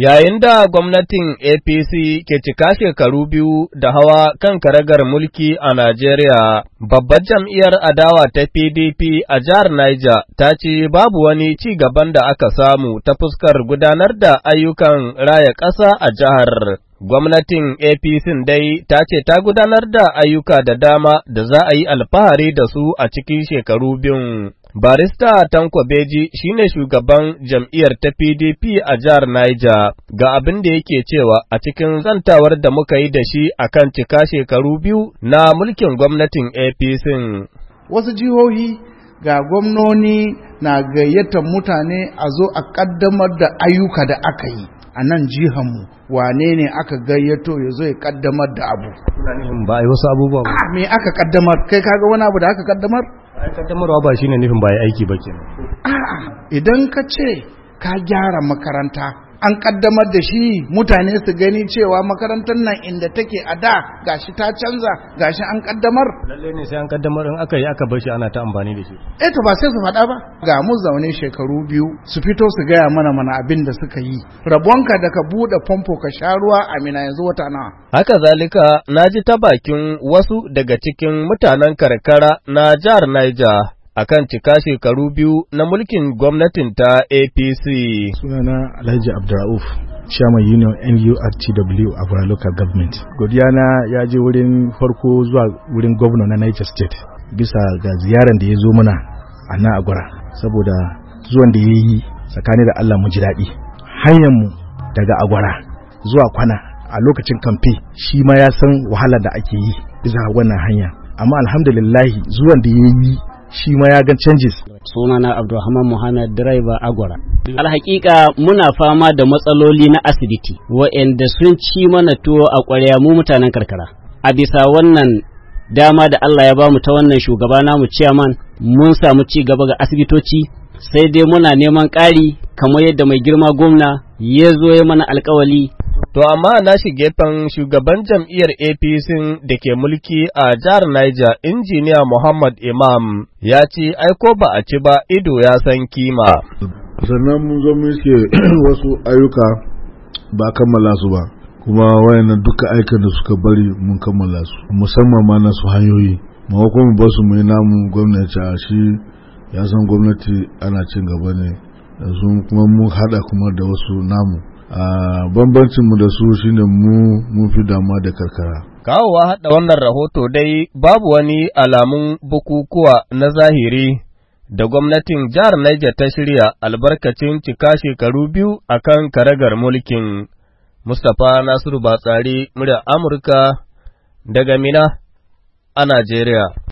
Yayin da gwamnatin APC ke cika shekaru biyu da hawa kan karagar mulki a Najeriya, babbar jam'iyyar adawa ta PDP a jihar Niger ta ce babu wani ci gaban da aka samu ta fuskar gudanar da ayyukan raya ƙasa a jihar. Gwamnatin APC dai ta ce ta gudanar da ayyuka da dama da za a yi alfahari da su a cikin shekaru biyun. Barista Tanko Beji shi ne shugaban jam'iyyar ta PDP a jihar Niger ga abin da yake cewa a cikin zantawar da muka yi da shi a kan cika shekaru biyu na mulkin gwamnatin APC. Wasu jihohi ga gwamnoni na gayyatar mutane a zo a ƙaddamar da ayyuka da aka yi a nan jihanmu wane ne aka gayyato ya zo ya ƙaddamar da abu. Ba wasu abubuwa. Ah, me aka ƙaddamar? Kai kaga wani abu da aka ƙaddamar? ai ba ba shine nufin ba aiki ba kenan idan ka ce ka gyara makaranta an kaddamar da shi mutane su gani cewa makarantar nan inda take a da gashi ta canza gashi an kaddamar lalle ne sai an kaddamar in aka yi aka bar shi ana ta amfani da shi eh to ba sai su faɗa ba ga mu zaune shekaru biyu su fito su gaya mana mana abin da suka yi rabonka da ka buɗe famfo ka sha ruwa amina yanzu wata nawa haka zalika na ji ta bakin wasu daga cikin mutanen karkara na jihar Niger A kan cika shekaru biyu na mulkin gwamnatin ta APC. Sunana Alhaji Abdurrauf, Chairman Union NURTW Abura Local Government. Godiyana ya je wurin farko zuwa wurin gwamna na Niger State bisa ga ziyarar da ya zo mana a nan agwara saboda zuwan da ya yi tsakani da Allah mu ji daɗi. Hanyar mu daga agwara zuwa kwana a lokacin kamfe shi ma ya san wahalar da ake yi bisa wannan hanya. Amma alhamdulillahi zuwan da ya yi shi ma ya ga canjis. sunana abdulrahman muhammad driver agora alhaƙiƙa muna fama da matsaloli na asibiti wa'anda sun ci mana tuwo a ƙwarya mu mutanen karkara a bisa wannan dama da Allah ya bamu ta wannan shugaba na namu ciyaman mun samu ci gaba ga asibitoci sai dai muna neman ƙari kamar yadda mai girma gwamna ya zo ya mana alkawali To amma na shi gefen shugaban jam'iyyar APC da ke mulki a jihar Niger, injiniya Muhammad Imam ya ce aiko ba a ci ba ido ya san kima. Sannan mun zo ce wasu ayyuka ba kammala su ba, kuma wayannan duka aikin da suka bari mun kammala su, musamman ma na su hanyoyi. maimakon ba basu mai yi namu gwamnati a shi ya san gwamnati ana cin gaba ne yanzu kuma mun hada kuma da wasu namu bambancinmu da su shine mu mun fi damuwa da karkara kawowa haɗa wannan rahoto dai babu wani alamun bukukuwa na zahiri da gwamnatin jihar Niger ta shirya albarkacin cika shekaru biyu a kan karagar mulkin Mustapha Nasiru Batsari, murya Amurka daga Mina a Najeriya.